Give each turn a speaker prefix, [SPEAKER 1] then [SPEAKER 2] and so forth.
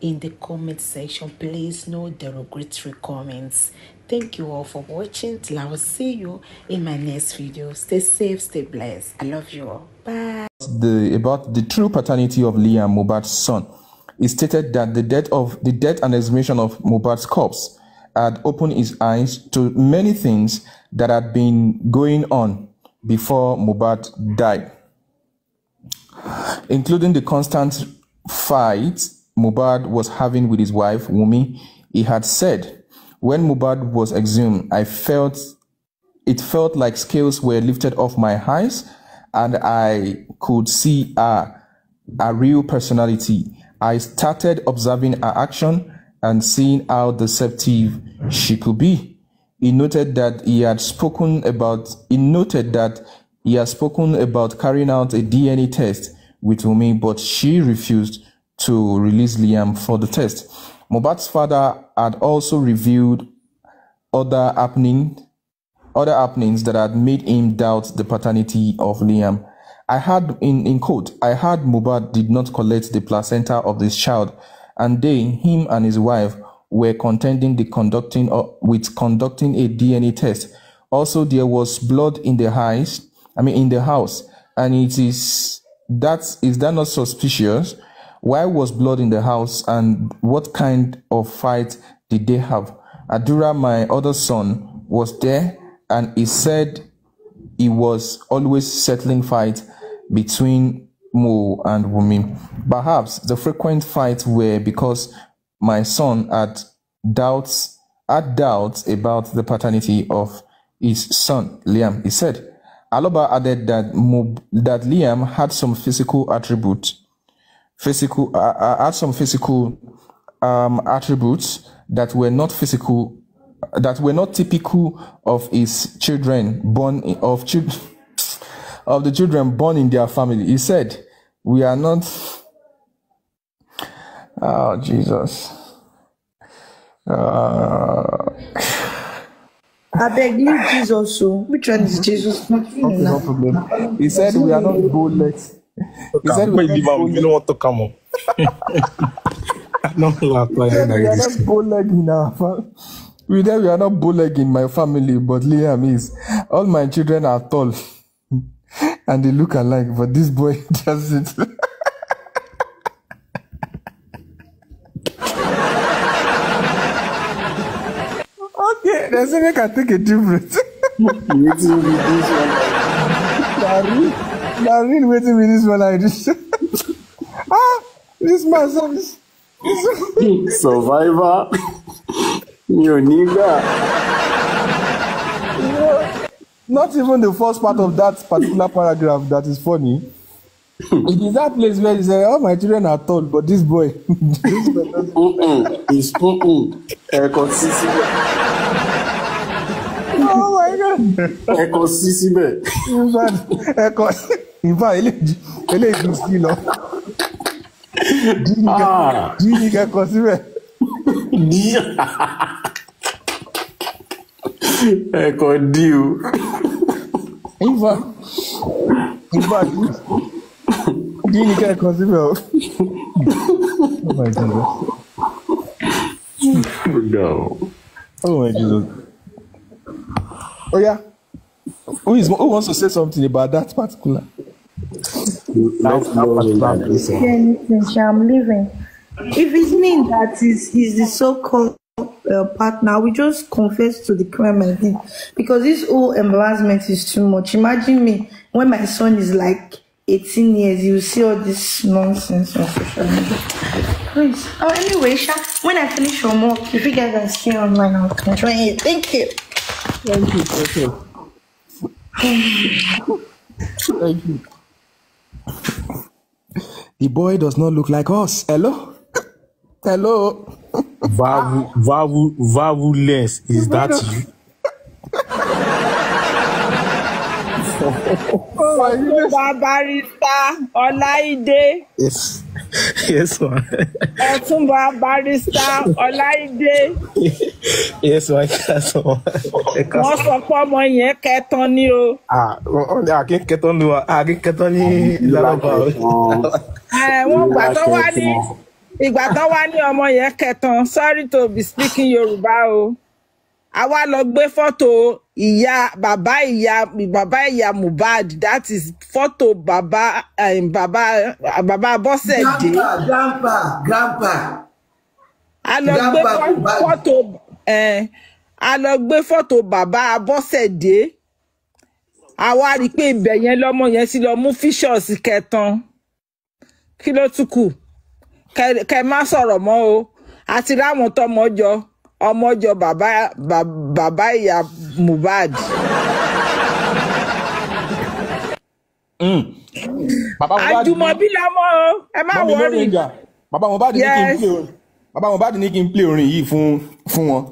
[SPEAKER 1] in the comment section. Please, no derogatory comments. Thank you all for watching. Till I will see you in my next video. Stay safe, stay blessed. I love you all. Bye.
[SPEAKER 2] The, about the true paternity of Liam Mubat's son. It stated that the death of the death and exhumation of Mubat's corpse had opened his eyes to many things that had been going on before Mubat died, including the constant fight Mubad was having with his wife, Wumi, he had said, When Mubad was exhumed, I felt it felt like scales were lifted off my eyes and I could see a, a real personality. I started observing her action and seeing how deceptive she could be. He noted that he had spoken about he noted that he had spoken about carrying out a DNA test with Wumi, but she refused to release Liam for the test. Mobat's father had also revealed other happening other happenings that had made him doubt the paternity of Liam. I had in, in quote, I had Mobat did not collect the placenta of this child, and they, him and his wife, were contending the conducting uh, with conducting a DNA test. Also, there was blood in the house. I mean in the house, and it is that is that not suspicious? Why was blood in the house, and what kind of fight did they have? Adura, my other son, was there, and he said he was always settling fight between Mo and Wumi. Perhaps the frequent fights were because my son had doubts had doubts about the paternity of his son Liam. He said, Aloba added that Mo, that Liam had some physical attributes physical, uh, add some physical um, attributes that were not physical, that were not typical of his children born of children of the children born in their family. He said, "We are not." Oh Jesus. Uh,
[SPEAKER 1] I beg leave Jesus so. Oh, which one is mm-hmm. Jesus? Okay, no
[SPEAKER 2] problem. He said we are not bullets." he said, we don't want to come up. not laugh like that. We are not bullying our family. We then we are not bullying my family, but Liam is. All my children are tall, and they look alike, but this boy doesn't. okay, there's make I can take a difference. breath. na real wetin be this one i do ah this man service.
[SPEAKER 1] survivor
[SPEAKER 2] mi not even the first part of that particular paragraph that is funny. it is that place where you say all oh, my children are tall but this boy. this boy doesn't. Mm-mm, he's mm-mm. ẹ̀kọ́ oh my god. ẹ̀kọ́ sí síbẹ̀. ẹ̀kọ́ ìfà eléyìí tún sí lọ
[SPEAKER 1] jí ní kẹkọọ síbẹ̀. ní ẹ̀kọ́ dí o.
[SPEAKER 2] ìfà ìfà jí ní kẹkọọ síbẹ̀ o. Oh my Jesus. No. Oh my Jesus. Oh yeah. Who is who wants to say something about that particular? Then I'm
[SPEAKER 1] leaving. If it means that is is the so-called uh, partner, we just confess to the crime I thing because this whole embarrassment is too much. Imagine me when my son is like 18 years, you see all this nonsense on social media. Please. Oh, anyway, Sha, when I finish your work, if you guys are still online, I'll come it. Thank you. Thank you. Thank you. Thank
[SPEAKER 2] you. The boy does not look like us. Hello? Hello? Vavu, vavu, vavu.
[SPEAKER 1] vavuless, is that you? ọ̀túnba barista ọláìdé. yes ma. ọ̀túnba barista ọláìdé. yes ma kí a sọ wọn. wọ́n sọ pé ọmọ yẹn kẹtàn ni o. àkín kẹtàn ni wa àkín kẹtàn ni lárúbá. wọ́n gbà tó wá ní ìgbà tó wá ní ọmọ yẹn kẹtàn sorry to be speaking yorùbá o a wá lọ gbé fọ́tò ìyá bàbá ìyá bàbá ìyá Mohbad that is fọ́tò bàbá eh, bàbá bàbá Bọ́sẹ̀dé. grandpa grandpa
[SPEAKER 2] a lọ gbé fọ́tò
[SPEAKER 1] eh, a lọ gbé fọ́tò bàbá Bọ́sẹ̀dé a wá rí i pé ibẹ̀ yẹn lọ́mọ yẹn ti lọ mú fíṣọ̀sì kẹtàn kí ló tún kù kẹ má sọ̀rọ̀ mọ́ o àti ráwọn tọmọ jọ ọmọ jọ bàbá bàbá ìyá Mohbad. Hmm. àjùmọ̀bí lọ́mọ o ẹ má wọ́ọ̀rì.
[SPEAKER 2] bàbá Mohbad ní kí n play orin yìí fún wọn.